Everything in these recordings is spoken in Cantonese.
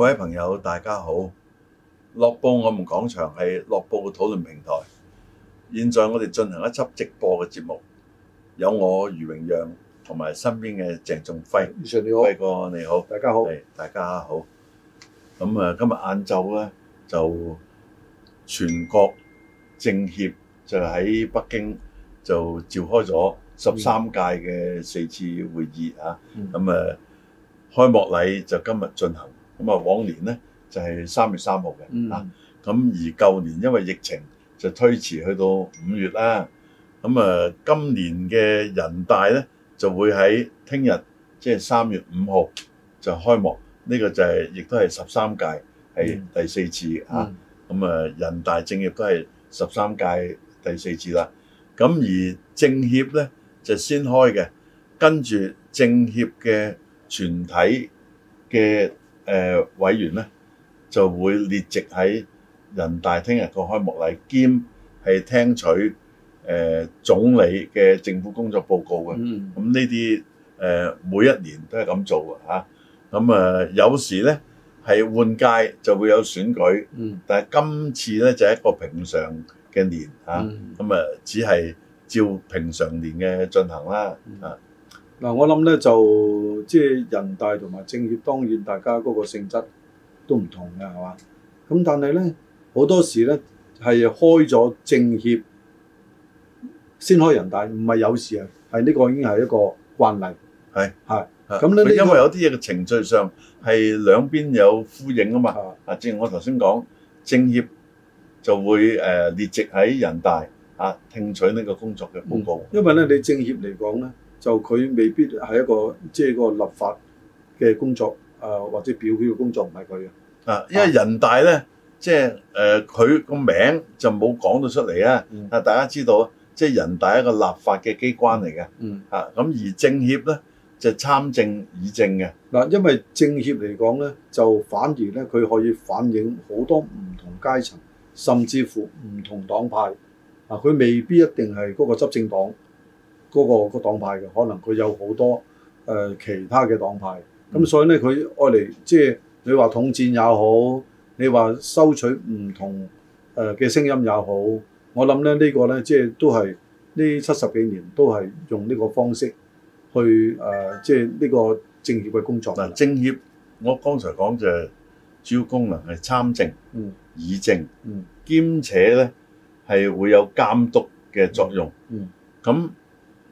各位朋友，大家好！樂報，我們講場係樂報嘅討論平台。現在我哋進行一輯直播嘅節目，有我余榮陽同埋身邊嘅鄭仲輝。余常你好，輝哥你好，大家好，大家好。咁啊，今日晏晝咧就全國政協就喺北京就召開咗十三屆嘅四次會議啊。咁、嗯、啊，開幕禮就今日進行。咁啊，往年呢就係三月三號嘅，啊，咁而舊年因為疫情就推遲去到五月啦。咁啊，今年嘅人大呢就會喺聽日，即係三月五號就開幕。呢個就係亦都係十三屆係第四次啊。咁啊，人大政協都係十三屆第四次啦。咁而政協呢就先開嘅，跟住政協嘅全體嘅。誒委員咧就會列席喺人大聽日個開幕禮，兼係聽取誒總理嘅政府工作報告嘅。咁呢啲誒每一年都係咁做嘅嚇。咁啊有時咧係換屆就會有選舉，但係今次咧就係一個平常嘅年嚇。咁啊只係照平常年嘅進行啦啊。嗱，我諗咧就即係人大同埋政協，當然大家嗰個性質都唔同嘅，係嘛？咁但係咧好多時咧係開咗政協先開人大，唔係有事啊，係呢個已經係一個慣例。係係，咁呢因為有啲嘢嘅程序上係兩邊有呼應啊嘛。啊，正如我頭先講，政協就會、呃、列席喺人大啊，聽取呢個工作嘅公告。嗯、因為咧，你政協嚟講咧。就佢未必係一個即係、就是、個立法嘅工作啊、呃，或者表決嘅工作唔係佢啊。啊，因為人大呢，啊、即係佢個名就冇講到出嚟啦。啊、嗯，大家知道即係、就是、人大一個立法嘅機關嚟嘅。嗯。啊，咁而政協呢，就參政議政嘅嗱，因為政協嚟講呢，就反而呢，佢可以反映好多唔同階層，甚至乎唔同黨派啊。佢未必一定係嗰個執政黨。嗰、那個個黨派嘅，可能佢有好多、呃、其他嘅黨派，咁所以咧佢愛嚟即係你話統戰也好，你話收取唔同嘅、呃、聲音也好，我諗咧呢、呢個咧即係都係呢七十幾年都係用呢個方式去、呃、即係呢、呢個政協嘅工作嗱。政協我剛才講就係、是、主要功能係參政、議、嗯、政、嗯，兼且咧係會有監督嘅作用。嗯，咁、嗯。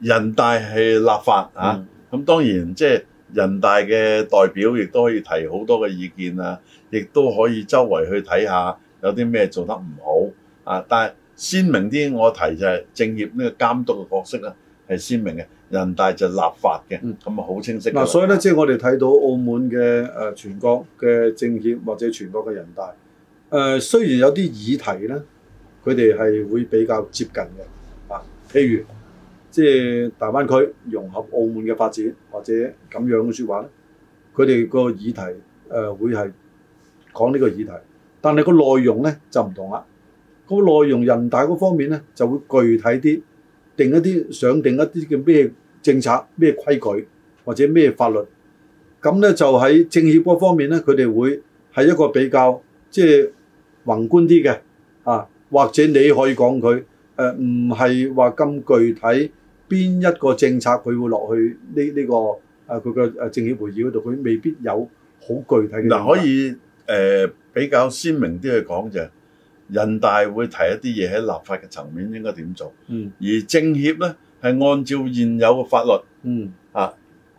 人大係立法啊，咁當然即係人大嘅代表，亦都可以提好多嘅意見啊，亦都可以周圍去睇下有啲咩做得唔好啊。但係鮮明啲，我提就係政協呢個監督嘅角色咧，係鮮明嘅。人大就立法嘅，咁啊好清晰。嗱、啊，所以咧，即係我哋睇到澳門嘅誒、呃、全國嘅政協或者全國嘅人大，誒、呃、雖然有啲議題咧，佢哋係會比較接近嘅啊，譬如。即係大灣區融合澳門嘅發展，或者咁樣嘅説話咧，佢哋個議題誒會係講呢個議題，但係個內容咧就唔同啦。咁內容人大嗰方面咧就會具體啲，定一啲想定一啲叫咩政策、咩規矩或者咩法律。咁咧就喺政協嗰方面咧，佢哋會係一個比較即係宏觀啲嘅啊，或者你可以講佢誒唔係話咁具體。邊一個政策佢會落去呢、這、呢個誒佢嘅誒政協會議嗰度，佢未必有好具體嘅、啊。嗱可以誒、呃、比較鮮明啲去講就係、是，人大會提一啲嘢喺立法嘅層面應該點做，嗯，而政協咧係按照現有嘅法律，嗯，啊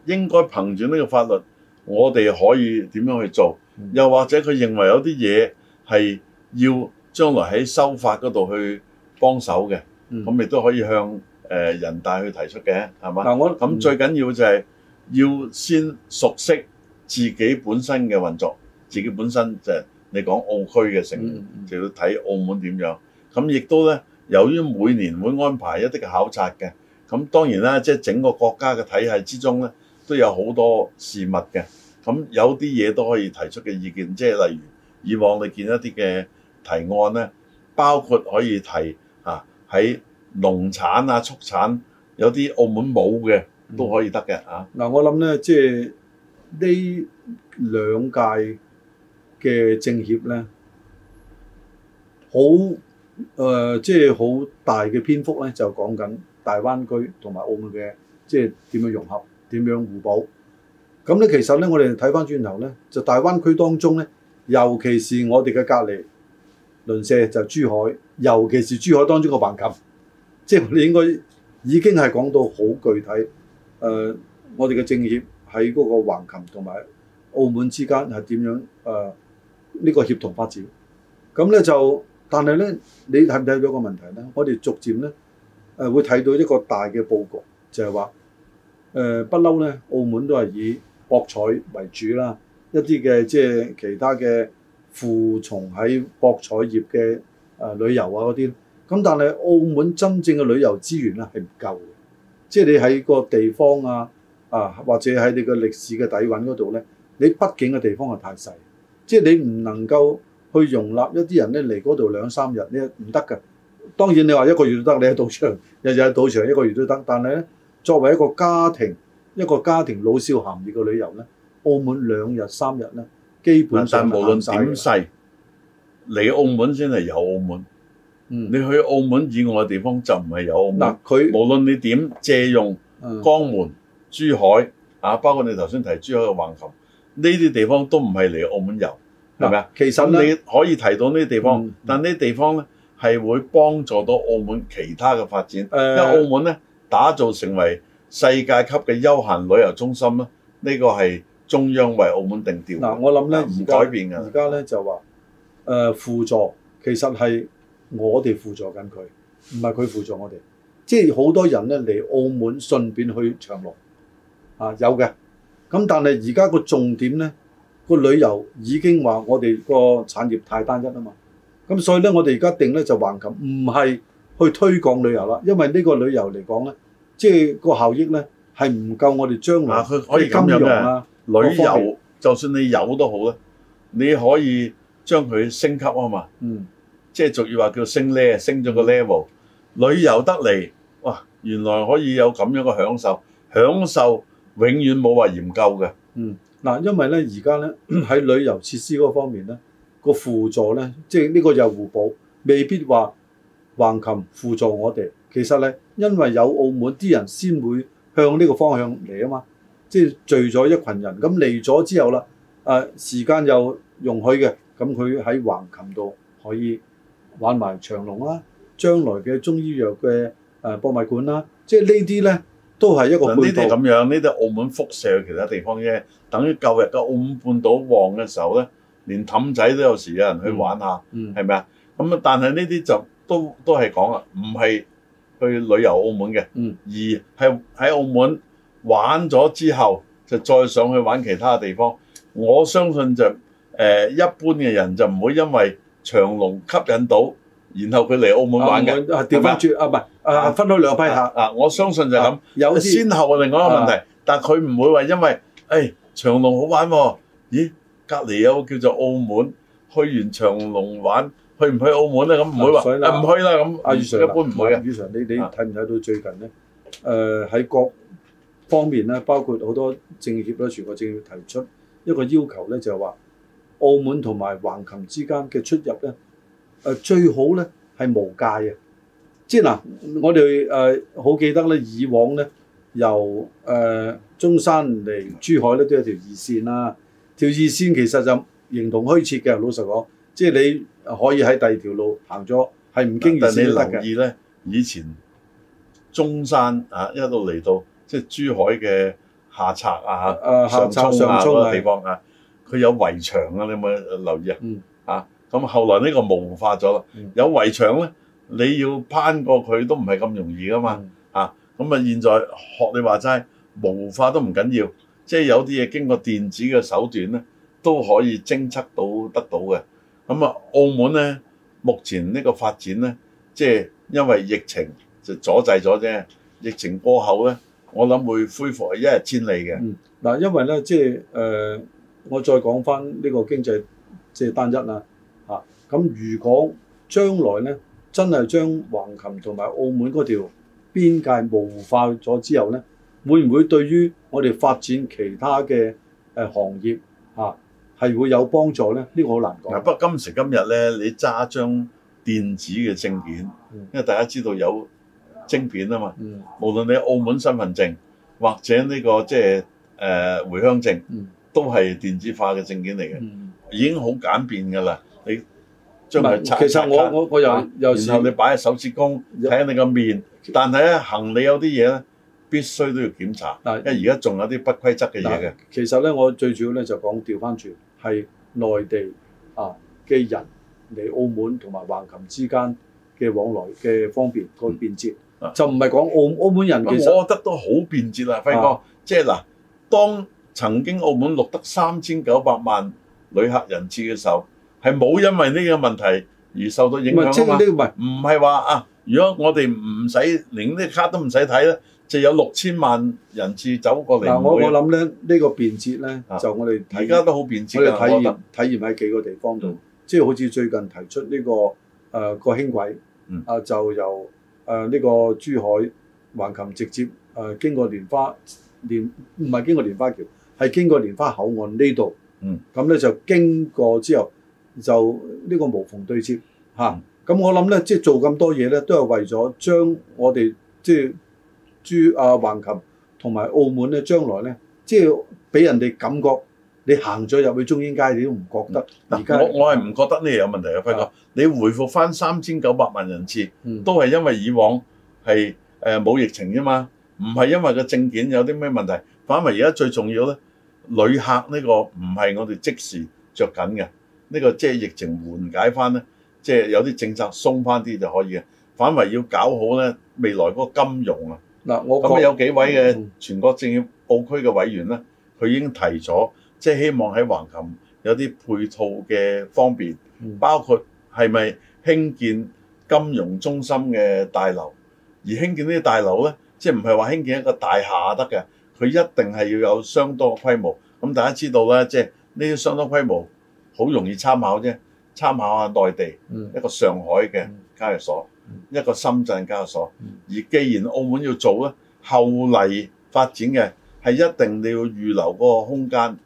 應該憑住呢個法律，我哋可以點樣去做，又或者佢認為有啲嘢係要將來喺修法嗰度去幫手嘅，咁亦都可以向，誒人大去提出嘅，係嘛？咁最緊要就係要先熟悉自己本身嘅運作，自己本身就係你講澳區嘅成、嗯嗯，就要睇澳門點樣。咁亦都咧，由於每年會安排一啲嘅考察嘅，咁當然啦，即係整個國家嘅體系之中咧，都有好多事物嘅。咁有啲嘢都可以提出嘅意見，即係例如以往你見一啲嘅提案咧，包括可以提啊喺。農產啊、畜產，有啲澳門冇嘅都可以得嘅啊！嗱、啊，我諗咧，即係呢兩屆嘅政協咧，好誒，即係好大嘅篇幅咧，就講、是、緊大，大灣區同埋澳門嘅即係點樣融合、點樣互補。咁咧，其實咧，我哋睇返轉頭咧，就大灣區當中咧，尤其是我哋嘅隔籬鄰舍就珠海，尤其是珠海當中嘅橫琴。即係你應該已經係講到好具體，誒、呃，我哋嘅政協喺嗰個橫琴同埋澳門之間係點樣？誒、呃，呢、這個協同發展，咁咧就，但係咧，你睇唔睇到一個問題咧？我哋逐漸咧誒、呃、會睇到一個大嘅佈局，就係話誒不嬲咧，呃、澳門都係以博彩為主啦，一啲嘅即係其他嘅附從喺博彩業嘅誒、呃呃、旅遊啊嗰啲。咁但係澳門真正嘅旅遊資源咧係唔夠嘅，即係你喺個地方啊啊，或者喺你個歷史嘅底蘊嗰度咧，你畢竟嘅地方係太細，即係你唔能夠去容納一啲人咧嚟嗰度兩三日，你唔得㗎。當然你話一個月都得，你喺賭場日日喺賭場一個月都得，但係咧作為一個家庭一個家庭老少咸宜嘅旅遊咧，澳門兩日三日咧基本上無論點細，嚟澳門先係有澳門。嗯，你去澳門以外嘅地方就唔係有澳門。嗱、啊，佢無論你點借用江門、嗯、珠海啊，包括你頭先提珠海嘅橫琴呢啲地方，都唔係嚟澳門遊，係咪啊？其實你可以提到呢啲地方，嗯嗯、但呢啲地方咧係會幫助到澳門其他嘅發展，嗯。因為澳門咧、嗯、打造成為世界級嘅休閒旅遊中心咧，呢、呢個係中央為澳門定調。嗱、啊，我諗咧唔改變嘅而家而家咧就話誒、呃、輔助，其實係。我哋輔助緊佢，唔係佢輔助我哋，即係好多人咧嚟澳門，順便去長隆，啊有嘅。咁但係而家個重點咧，個旅遊已經話我哋個產業太單一啊嘛。咁所以咧，我哋而家定咧就橫琴，唔係去推廣旅遊啦，因為呢個旅遊嚟講咧，即係個效益咧係唔夠我哋將來啲金融啊，啊可以咁樣旅遊，就算你有都好咧，你可以將佢升級啊嘛。嗯。即係俗語話叫升 level，升咗個 level，旅遊得嚟哇，原來可以有咁樣嘅享受，享受永遠冇話嫌夠嘅。嗯，嗱，因為咧而家咧喺旅遊設施嗰方面咧，個輔助咧，即係呢個又互補，未必話橫琴輔助我哋。其實咧，因為有澳門啲人先會向呢個方向嚟啊嘛，即係聚咗一群人，咁嚟咗之後啦，誒、啊、時間又容許嘅，咁佢喺橫琴度可以。玩埋長隆啦、啊，將來嘅中醫藥嘅誒博物館啦、啊，即係呢啲咧都係一個配套。咁樣呢啲澳門輻射其他地方啫，等於舊日嘅澳門半島旺嘅時候咧，連氹仔都有時有人去玩下，係咪啊？咁、嗯、啊，但係呢啲就都都係講啊，唔係去旅遊澳門嘅、嗯，而係喺澳門玩咗之後就再上去玩其他嘅地方。我相信就誒、呃、一般嘅人就唔會因為。長隆吸引到，然後佢嚟澳門玩嘅，調翻轉啊，唔係啊，啊，啊，分開兩批客啊，我相信就係咁、啊。有先後嘅另外一個問題，啊、但佢唔會話因為誒、哎、長隆好玩喎、哦，咦？隔離有個叫做澳門，去完長隆玩，去唔去澳門咧？咁唔會話唔去啦咁。阿主席，啊、Sir, 一般唔會嘅。阿主席，你你睇唔睇到最近咧？誒、啊、喺、呃、各方面咧，包括好多政協咧，全國政協提出一個要求咧，就係話。澳門同埋橫琴之間嘅出入咧，誒，最好咧係無界嘅。即係嗱，我哋誒好記得咧，以往咧由誒中山嚟珠海咧都有一條二線啦。條二線其實就形同虛設嘅。老實講，即係你可以喺第二條路行咗，係唔經二線都得嘅。但係你留意咧，以前中山啊一路嚟到即係珠海嘅下柵啊，上衝啊嗰個地方啊。佢有圍牆啊！你有冇留意啊、嗯？啊，咁後來呢個模糊化咗啦、嗯。有圍牆咧，你要攀過佢都唔係咁容易噶嘛、嗯。啊，咁啊，現在學你話齋模糊化都唔緊要，即係有啲嘢經過電子嘅手段咧，都可以偵測到得到嘅。咁啊，澳門咧，目前呢個發展咧，即係因為疫情就阻滯咗啫。疫情過後咧，我諗會恢復一日千里嘅。嗱、嗯，因為咧，即係誒。呃我再講翻呢個經濟即係、就是、單一啦。嚇、啊、咁，如果將來呢，真係將橫琴同埋澳門嗰條邊界模糊化咗之後呢，會唔會對於我哋發展其他嘅行業嚇係、啊、會有幫助呢？呢、這個好難講。不過今時今日呢，你揸張電子嘅證件、嗯，因為大家知道有證件啊嘛、嗯。無論你澳門身份證或者呢、這個即係、呃、回鄉證。嗯都係電子化嘅證件嚟嘅，已經好簡便噶啦。你將佢拆拆，然後你擺喺手指公睇下你個面。但係咧，行李有啲嘢咧必須都要檢查，因為而家仲有啲不規則嘅嘢嘅。其實咧，我最主要咧就講調翻轉係內地啊嘅人嚟澳門同埋橫琴之間嘅往來嘅方便個便捷，就唔係講澳澳門人。我覺得都好便捷啦，輝哥，即係嗱，當曾經澳門錄得三千九百萬旅客人次嘅時候，係冇因為呢個問題而受到影響啊！唔係話啊，如果我哋唔使領呢卡都唔使睇咧，就有六千萬人次走過嚟。嗱、啊，我我諗咧，呢、呢個便捷咧、啊，就我哋而家都好便捷嘅我哋體驗喺幾個地方度，即、嗯、係、即係、好似最近提出呢、呢個誒、呃嗰個輕軌，啊、呃、就由誒呢、呃呢個珠海橫琴直接誒、呃、經過蓮花蓮，唔係經過蓮花橋。係經過蓮花口岸呢度，咁、嗯、咧就經過之後就呢個無縫對接嚇。咁、嗯、我諗咧，即、就、係、是、做咁多嘢咧，都係為咗將我哋即係珠啊橫琴同埋澳門咧，將來咧，即係俾人哋感覺你行咗入去中英街，你都唔覺得。而家、嗯，我我係唔覺得呢有問題嘅，輝哥。你回復翻三千九百萬人次、嗯，都係因為以往係誒冇疫情啫嘛，唔係因為個證件有啲咩問題，反為而家最重要咧。旅客呢個唔係我哋即時着緊嘅，呢個即係疫情緩解翻呢，即係有啲政策鬆翻啲就可以嘅。反為要搞好呢未來嗰金融啊。嗱，我咁有幾位嘅全國政協澳區嘅委員呢，佢已經提咗，即係希望喺橫琴有啲配套嘅方便，包括係咪興建金融中心嘅大樓，而興建呢啲大樓呢，即係唔係話興建一個大廈得嘅。佢一定係要有相當規模。咁大家知道啦，即係呢啲相當規模好容易參考啫。參考下內地一個上海嘅交易所，一個深圳嘅交易所。而既然澳門要做咧，後嚟發展嘅係一定你要預留嗰個空間，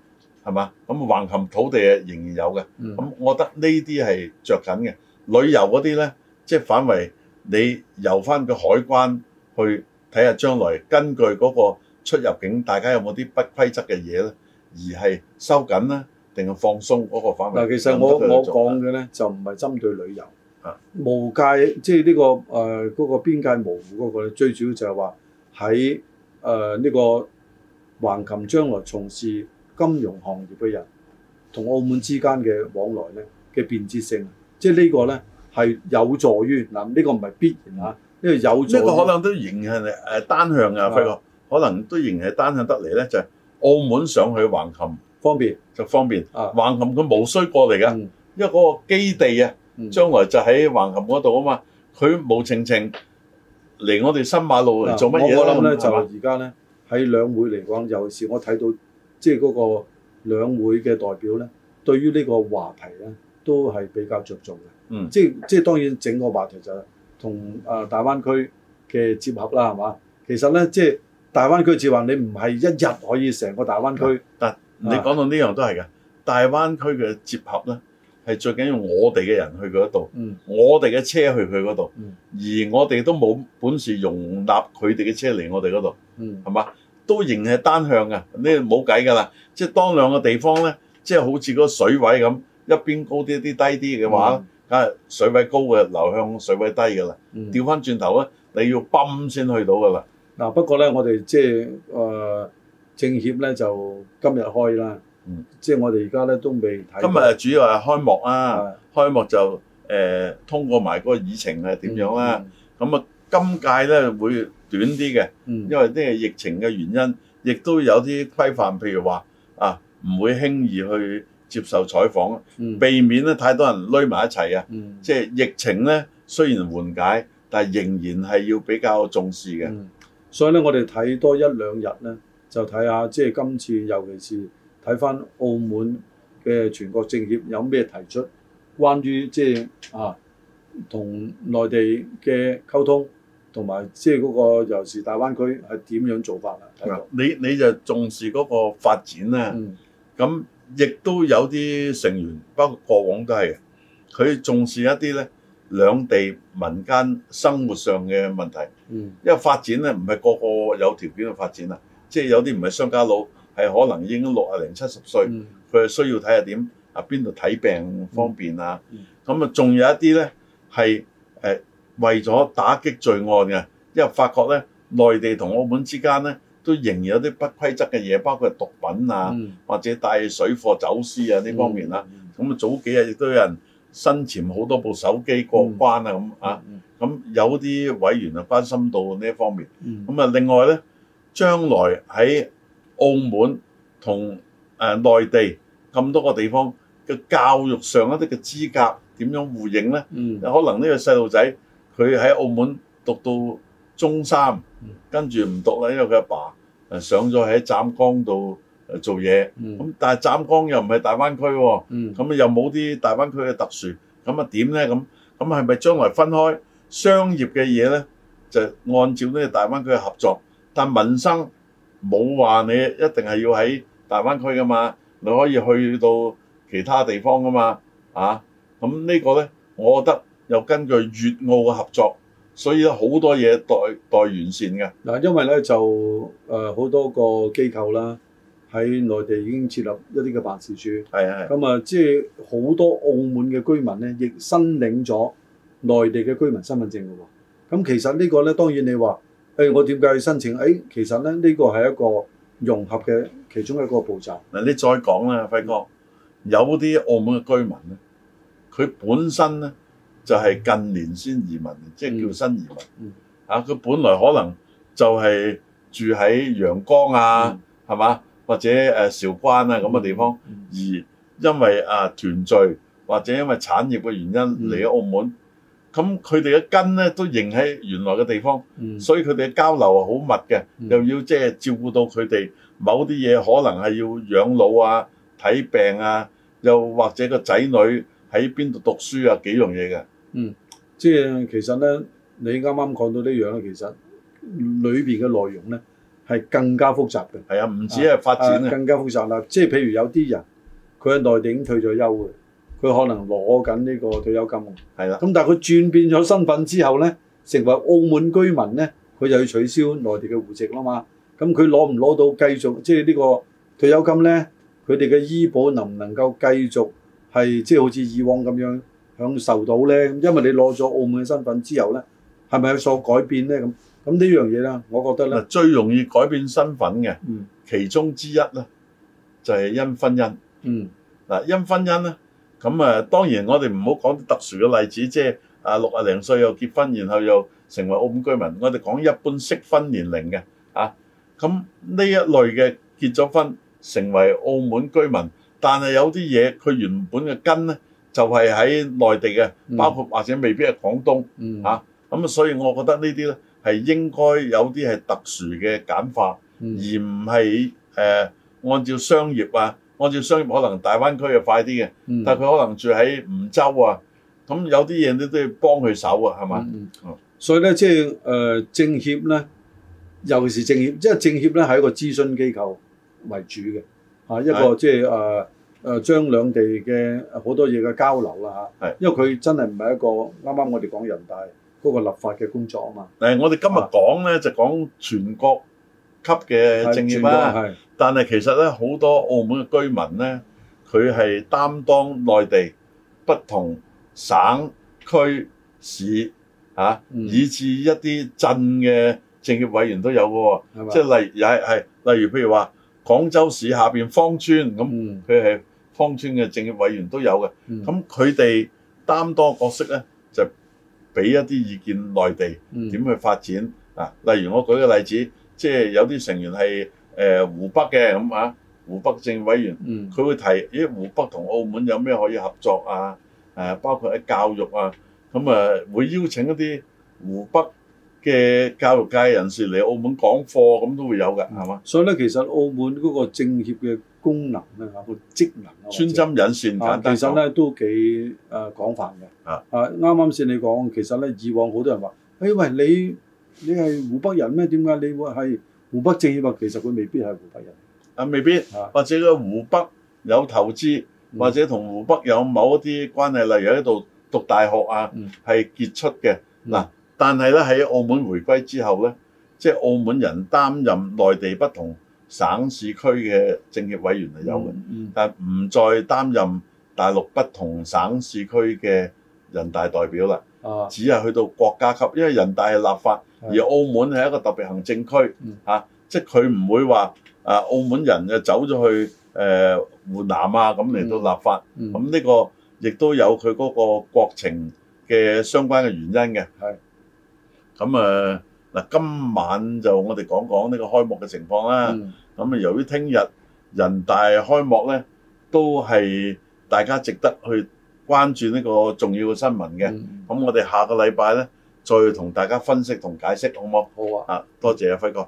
係嘛？咁橫琴土地啊，仍然有嘅。咁我覺得呢啲係著緊嘅旅遊嗰啲呢，即係反為你遊翻個海關去睇下，將來根據嗰個。出入境大家有冇啲不規則嘅嘢咧？而係收緊呢定係放鬆嗰個範圍？嗱，其實我我講嘅咧就唔係針對旅遊啊，無界即係、這、呢個誒嗰、呃那個邊界模糊嗰、那個，最主要就係話喺誒呢個橫琴將來從事金融行業嘅人同澳門之間嘅往來咧嘅便捷性，即係呢個咧係有助於嗱，呢、這個唔係必然嚇，因、嗯、為、這個、有助於。呢、這個可能都影響誒單向嘅，輝哥。可能都仍然係單向得嚟咧，就係、是、澳門上去橫琴方便就方便啊！橫琴佢無需過嚟嘅、嗯，因為嗰個基地啊，將來就喺橫琴嗰度啊嘛。佢、嗯、無情情嚟我哋新馬路嚟做乜嘢？啊、我諗咧？就而家咧喺兩會嚟講，尤其是我睇到即係嗰個兩會嘅代表咧，對於呢個話題咧都係比較着重嘅。嗯，即係即係當然整個話題就係同誒大灣區嘅結合啦，係嘛？其實咧，即係。大灣區置話你唔係一日可以成個大灣區，但、啊、你講到呢樣都係㗎、啊。大灣區嘅接合咧，係最緊要我哋嘅人去佢嗰度，我哋嘅車去佢嗰度，而我哋都冇本事容納佢哋嘅車嚟我哋嗰度，係、嗯、嘛？都仍係單向㗎。呢，冇計㗎啦。即係當兩個地方咧，即係好似嗰個水位咁，一邊高啲啲、一邊低啲嘅話，梗係、嗯、水位高嘅流向水位低㗎啦。調翻轉頭咧，你要泵先去到㗎啦。嗱、啊，不過咧，我哋即係誒政協咧就今日開啦、嗯，即係我哋而家咧都未睇。今日主要係開幕啊，開幕就誒、呃、通過埋嗰個議程係點樣啦。咁、嗯、啊，今屆咧會短啲嘅、嗯，因為啲疫情嘅原因，亦都有啲規範，譬如話啊，唔會輕易去接受採訪，嗯、避免咧太多人攏埋一齊啊。嗯、即係疫情咧雖然緩解，但係仍然係要比較重視嘅。嗯所以咧，我哋睇多一兩日咧，就睇下即係今次，尤其是睇翻澳門嘅全國政協有咩提出關於即係啊同內地嘅溝通，同埋即係嗰個尤其是大灣區係點樣做法啊？你你就重視嗰個發展啦，咁亦都有啲成員，包括過往都係佢重視一啲咧。兩地民間生活上嘅問題，嗯，因為發展咧唔係個個有條件去發展啦，即係有啲唔係商家佬，係可能已經六啊零七十歲，佢係需要睇下點啊邊度睇病方便啊，咁啊仲有一啲咧係誒為咗打擊罪案嘅，因為發覺咧內地同澳門之間咧都仍然有啲不規則嘅嘢，包括毒品啊，嗯、或者帶水貨走私啊呢方面啦、啊，咁、嗯、啊、嗯嗯嗯嗯、早幾日亦都有人。身潛好多部手機過關啊咁、嗯、啊，咁、嗯嗯啊、有啲委員啊關心到呢一方面，咁、嗯、啊另外咧，將來喺澳門同誒、呃、內地咁多個地方嘅教育上一啲嘅資格點樣互認咧？嗯、可能呢個細路仔佢喺澳門讀到中三，嗯、跟住唔讀啦，因為佢阿爸誒上咗喺湛江度。做嘢咁，但係湛江又唔係大灣區喎、哦，咁、嗯、又冇啲大灣區嘅特殊，咁啊點呢？咁？咁係咪將來分開商業嘅嘢呢？就按照呢大灣區嘅合作，但民生冇話你一定係要喺大灣區㗎嘛，你可以去到其他地方㗎嘛啊？咁呢個呢，我覺得又根據粵澳嘅合作，所以咧好多嘢待代，代完善嘅嗱，因為呢，就、呃、好多個機構啦。喺內地已經設立一啲嘅辦事處，係係。咁啊，即係好多澳門嘅居民咧，亦申領咗內地嘅居民身份證㗎喎。咁其實這個呢個咧，當然你話，誒、欸、我點解要申請？誒、欸，其實咧呢個係一個融合嘅其中一個步驟。嗱，你再講啦，輝哥，有啲澳門嘅居民咧，佢本身咧就係、是、近年先移民，即、就、係、是、叫做新移民。啊，佢本來可能就係住喺陽江啊，係、嗯、嘛？或者誒韶、啊、關啊咁嘅地方、嗯，而因為啊團聚或者因為產業嘅原因嚟咗、嗯、澳門，咁佢哋嘅根咧都仍喺原來嘅地方，嗯、所以佢哋嘅交流係好密嘅、嗯，又要即係、就是、照顧到佢哋某啲嘢，可能係要養老啊、睇病啊，又或者個仔女喺邊度讀書啊，幾樣嘢嘅。嗯，即係其實咧，你啱啱講到呢樣咧，其實裏邊嘅內容咧。係更加複雜嘅，係啊，唔止係發展啊，更加複雜啦。即係譬如有啲人，佢喺內地已經退咗休嘅，佢可能攞緊呢個退休金。係啦，咁但係佢轉變咗身份之後呢，成為澳門居民呢，佢就要取消內地嘅戶籍啦嘛。咁佢攞唔攞到繼續即係呢個退休金呢，佢哋嘅醫保能唔能夠繼續係即係好似以往咁樣享受到呢？因為你攞咗澳門嘅身份之後呢。係咪有所改變咧？咁咁呢樣嘢啦，我覺得咧，最容易改變身份嘅其中之一咧，就係因婚姻。嗱，因婚姻咧，咁啊，當然我哋唔好講特殊嘅例子，即係啊六啊零歲又結婚，然後又成為澳門居民。我哋講一般適婚年齡嘅啊，咁呢一類嘅結咗婚成為澳門居民，但係有啲嘢佢原本嘅根咧，就係喺內地嘅，包括或者未必係廣東嚇。咁，所以我覺得這些呢啲咧係應該有啲係特殊嘅簡化，而唔係誒按照商業啊，按照商業可能大灣區啊快啲嘅，嗯，但係佢可能住喺梧州啊，咁有啲嘢你都要幫佢手啊，係嘛、嗯？所以咧即係誒政協咧，尤其是政協，因為政協咧係一個諮詢機構為主嘅，啊一個即係誒誒將兩地嘅好多嘢嘅交流啦嚇，啊，因為佢真係唔係一個啱啱我哋講人大。嗰個立法嘅工作啊嘛，誒，我哋今日講咧就講全國級嘅政協啦，但係其實咧好多澳門嘅居民咧，佢係擔當內地不同省區市啊，以至一啲鎮嘅政協委員都有嘅喎，即係例如又係係例如譬如話廣州市下邊芳村咁，佢係芳村嘅政協委員都有嘅，咁佢哋擔當角色咧就。俾一啲意見內地點去發展，嗯、啊！例如我舉個例子，即係有啲成員係誒湖北嘅咁啊，湖北政委員，佢、嗯、會提咦湖北同澳門有咩可以合作啊？誒，包括喺教育啊，咁啊會邀請一啲湖北。嘅教育界人士嚟澳門講課咁都會有㗎，係、嗯、嘛？所以咧，其實澳門嗰個政協嘅功能咧，個職能穿針引線㗎、嗯，其實咧都幾誒廣泛嘅。啊啊，啱啱先你講，其實咧以往好多人話，誒、哎、喂，你你係湖北人咩？點解你會係湖北政協？其實佢未必係湖北人。啊，未必。啊、或者個湖北有投資，嗯、或者同湖北有某一啲關係，例如喺度讀大學啊，係、嗯、傑出嘅嗱。嗯啊但係咧，喺澳門回歸之後咧，即係澳門人擔任內地不同省市區嘅政協委員係有嘅，但唔再擔任大陸不同省市區嘅人大代表啦。啊，只係去到國家級，因為人大係立法，而澳門係一個特別行政區吓，即係佢唔會話啊澳門人就走咗去誒湖南啊咁嚟到立法。咁呢個亦都有佢嗰個國情嘅相關嘅原因嘅，係。咁啊，嗱、呃，今晚就我哋講講呢個開幕嘅情況啦。咁、嗯、啊，由於聽日人大開幕呢，都係大家值得去關注呢個重要嘅新聞嘅。咁、嗯、我哋下個禮拜呢，再同大家分析同解釋。好唔好？好啊！多謝阿輝哥。